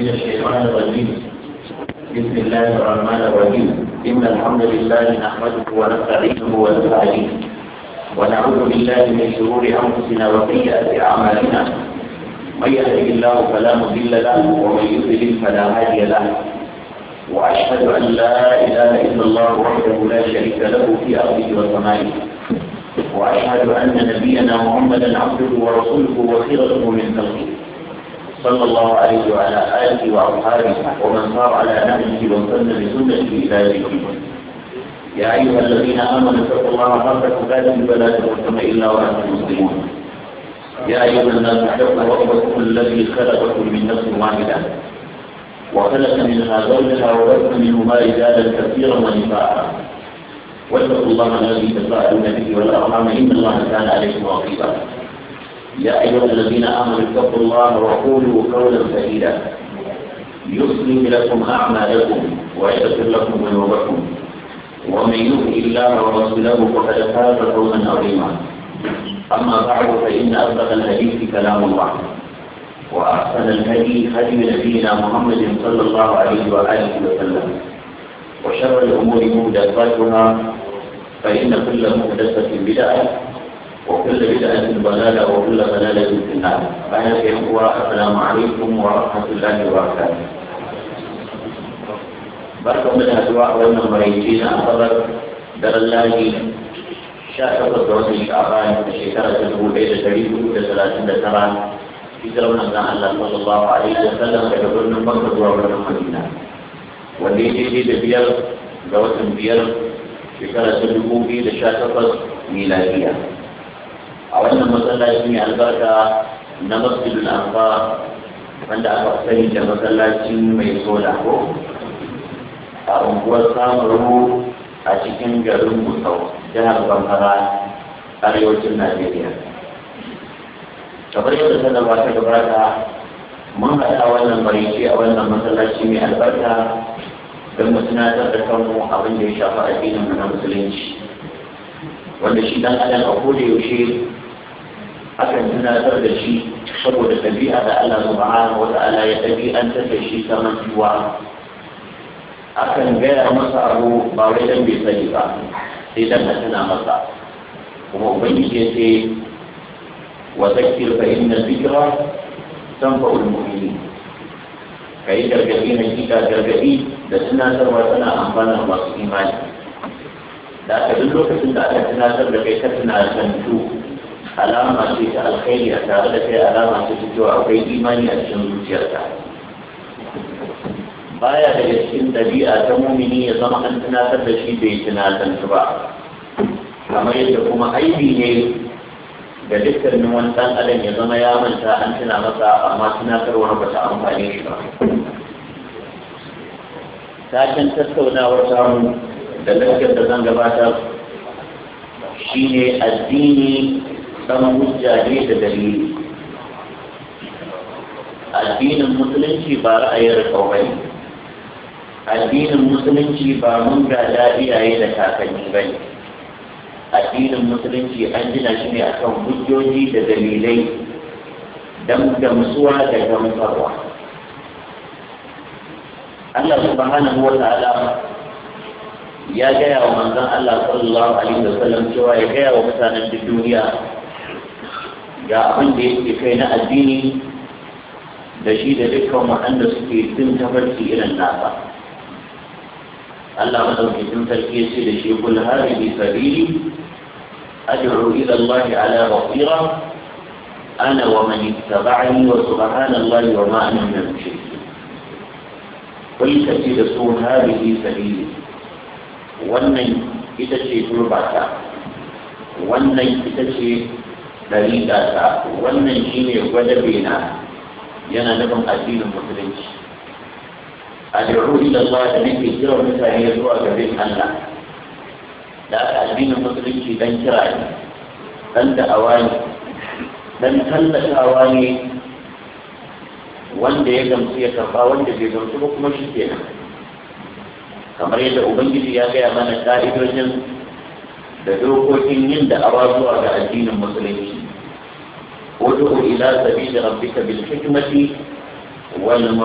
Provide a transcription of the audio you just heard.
من الشيطان الرجيم بسم الله الرحمن الرحيم إن الحمد لله نحمده ونستعينه ونستعينه ونعوذ بالله من شرور أنفسنا وسيئات أعمالنا من يهده الله فلا مضل له ومن يضلل فلا هادي له وأشهد أن لا إله إلا الله وحده لا شريك له في أرضه وسمائه وأشهد أن نبينا محمدا عبده ورسوله وخيرته من خلقه صلى الله عليه وعلى آله وأصحابه ومن صار على نهجه وسن بسنته إلى يوم يا أيها الذين آمنوا اتقوا الله حق تقاته فلا تموتن إلا وأنتم مسلمون يا أيها الناس اتقوا ربكم الذي خلقكم من نفس واحدة وخلق منها زوجها وبث منهما رجالا كثيرا ونساء واتقوا الله الذي تساءلون به والأرحام إن الله كان عليكم رقيبا يا أيها الذين آمنوا اتقوا الله وقولوا قولا سديدا يصلح لكم أعمالكم ويغفر لكم ذنوبكم ومن يطع الله ورسوله فقد فاز فوزا عظيما أما بعد فإن أصدق الحديث كلام الله وأحسن الهدي هدي نبينا محمد صلى الله عليه وآله وسلم وشر الأمور مهدفاتها فإن كل مهدفة بدعة وكل بدعة ضلالة وكل ضلالة في النار فأنا في السلام عليكم ورحمة الله وبركاته بركة من الأدواء وإن المريجين أخذت در الله شاشة الدرس الشعبان الشيطان تقول إذا تريد كل ثلاثة ترى في ذلك نبدا الله صلى الله عليه وسلم يقول من مكة ورحمة المدينة والليل في دبيل دوت بيل في ثلاثة دبوبي لشاشة ميلادية a wannan masallaci mai albarka na masjidul alfa wanda aka sani da masallacin mai soda ko a unguwar samaru a cikin garin musau jihar bambara arewacin najeriya kamar yadda sanar ba ta gabata mun haɗa wannan marici a wannan masallaci mai albarka don mu tunatar da kanmu abin da ya shafi addinin na musulunci wanda shi dan adam a koda yaushe hakan tunatar da shi saboda ɗabi'a da Allah subhanahu wa ta'ala ya ɗabi'antar da shi ta mantuwa akan gaya masa abu ba wai dan bai sani ba sai dan tana masa kuma ubangiji ya ce wa zakkir fa inna dhikra tanfa'ul mu'minin kai gargadi na kika gargadi da tunatarwa tana amfanar masu imani da aka duk lokacin da aka tunatar da kai ka tunatantu alama ce ta alkhairi a tare da kai alama ce ta cewa akwai imani a cikin zuciyarta baya daga cikin dabi'a ta mumini ya zama an tunatar da shi bai tunatar ba kamar yadda kuma aibi ne da dukkanin wani ɗan adam ya zama ya manta an tuna masa amma tunatarwar ba ta amfani shi ba sashen tattaunawar samu da lafiyar da zan gabatar shine addini تم مجھے دلیل الدین مسلم کی بار آئے رکھو بھائی الدین مسلم کی بار من في جاری آئے رکھا کرنی بھائی الدین مسلم کی انج نشمی اکم مجھو جی دلیلی دم دم سوا دم فروا اللہ سبحانہ وتعالی یا گیا ومنزان اللہ صلی اللہ علیہ وسلم چوائے گیا وقتانا دی دنیا دنیا ga abin da yake kai na addini da shi da dukkan waɗanda suke bin tafarki irin nasa Allah madaukakin sarki ya ce da shi kul hadhihi sabili ad'u ila Allah ala basira ana wa man ittaba'ani wa subhanallahi wa ma ana min al-mushrikeen kul kace da su hadhihi sabili wannan ita ce turbata wannan ita ce ɗariƙa ta wannan shi ne gwada bena yana nufin addinin musulunci addu'u ila Allah da nake kira mutane zuwa gare Allah da addinin musulunci dan kira ne dan da'awa ne dan tallatawa ne wanda ya gamsu ya karba wanda bai gamsu ba kuma shi kenan kamar yadda ubangiji ya gaya mana ka'idojin da dokokin yin da awa zuwa ga addinin musulunci وادعو إلى سبيل ربك بالحكمة والموت